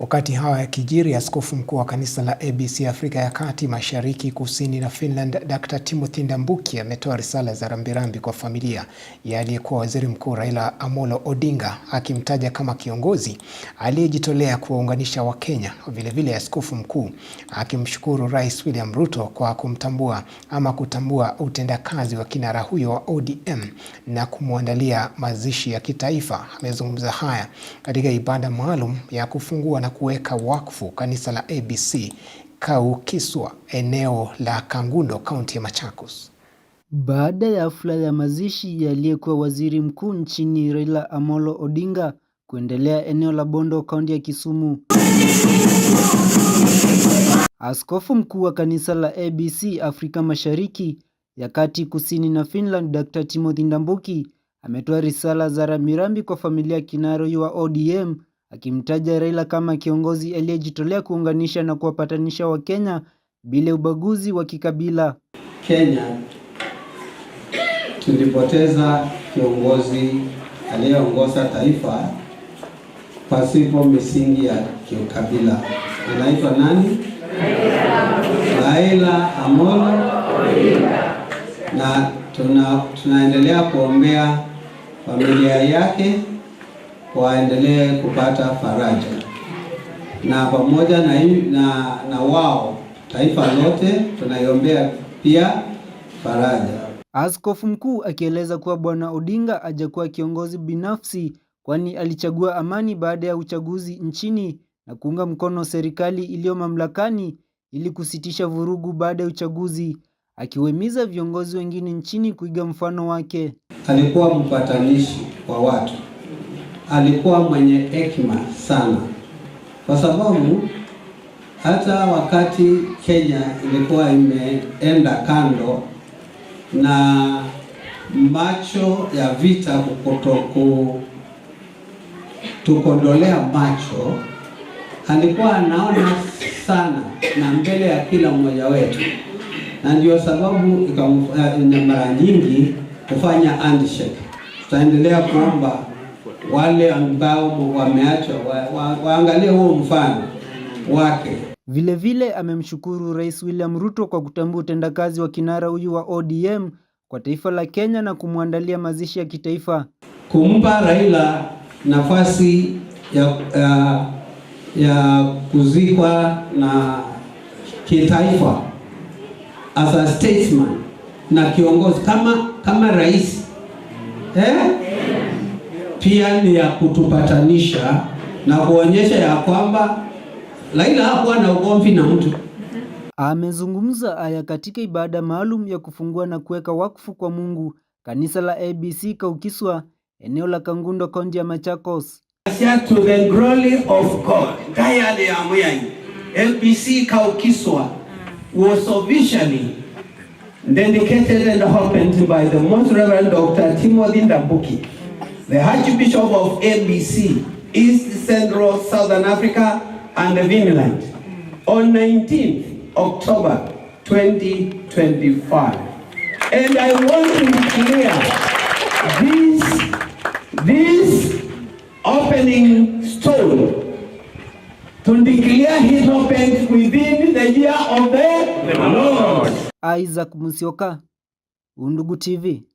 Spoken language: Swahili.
Wakati hawa ya kijiri, askofu mkuu wa kanisa la ABC Afrika ya Kati, Mashariki, Kusini na Finland, Dr. Timothy Ndambuki ametoa risala za rambirambi kwa familia ya aliyekuwa Waziri Mkuu Raila Amolo Odinga, akimtaja kama kiongozi aliyejitolea kuwaunganisha Wakenya. Vilevile, askofu mkuu akimshukuru Rais William Ruto kwa kumtambua ama kutambua utendakazi wa kinara huyo wa ODM na kumwandalia mazishi ya kitaifa. Amezungumza haya katika ibada maalum ya kufungua na kuweka wakfu kanisa la ABC Kaukiswa eneo la Kangundo kaunti ya Machakos. Baada ya hafla ya mazishi ya aliyekuwa waziri mkuu nchini Raila Amolo Odinga kuendelea eneo la Bondo kaunti ya Kisumu. Askofu mkuu wa kanisa la ABC Afrika Mashariki ya Kati, Kusini na Finland Dr. Timothy Ndambuki ametoa risala za rambirambi kwa familia kinara wa ODM akimtaja Raila kama kiongozi aliyejitolea kuunganisha na kuwapatanisha Wakenya bila ubaguzi wa kikabila. Kenya tulipoteza kiongozi aliyeongoza taifa pasipo misingi ya kikabila. Anaitwa nani? Raila Amolo na tuna, tunaendelea kuombea familia yake waendelee kupata faraja na pamoja na, na, na wao taifa lote tunaiombea pia faraja. Askofu mkuu akieleza kuwa Bwana Odinga hajakuwa kiongozi binafsi, kwani alichagua amani baada ya uchaguzi nchini na kuunga mkono serikali iliyo mamlakani ili kusitisha vurugu baada ya uchaguzi, akiwahimiza viongozi wengine nchini kuiga mfano wake. Alikuwa mpatanishi kwa watu alikuwa mwenye hekima sana, kwa sababu hata wakati Kenya ilikuwa imeenda kando na macho ya vita kukotoku tukondolea macho, alikuwa anaona sana na mbele ya kila mmoja wetu, na ndio sababu ikamfanya eh, mara nyingi kufanya handshake. Tutaendelea kuomba wale ambao wameachwa wa, wa, waangalie huo mfano wake. Vilevile amemshukuru Rais William Ruto kwa kutambua utendakazi wa kinara huyu wa ODM kwa taifa la Kenya na kumwandalia mazishi ya kitaifa. Kumpa Raila nafasi ya, ya, ya kuzikwa na kitaifa as a statesman na kiongozi kama, kama rais eh? pia ni ya kutupatanisha na kuonyesha ya kwamba Raila hakuwa na ugomvi na mtu. Amezungumza haya katika ibada maalum ya kufungua na kuweka wakfu kwa Mungu kanisa la ABC Kaukiswa eneo la Kangundo kaunti ya Machakos. To the glory of God. Tayari ya mwanyi. ABC Kaukiswa was officially dedicated and opened by the Most Reverend Dr. Timothy Ndambuki the Archbishop of ABC, East Central Southern Africa and Vinland, on 19th October 2025. And I want to clear, this, this opening stone to declare his opened within the year of the, Lord. Isaac Musioka, Undugu TV.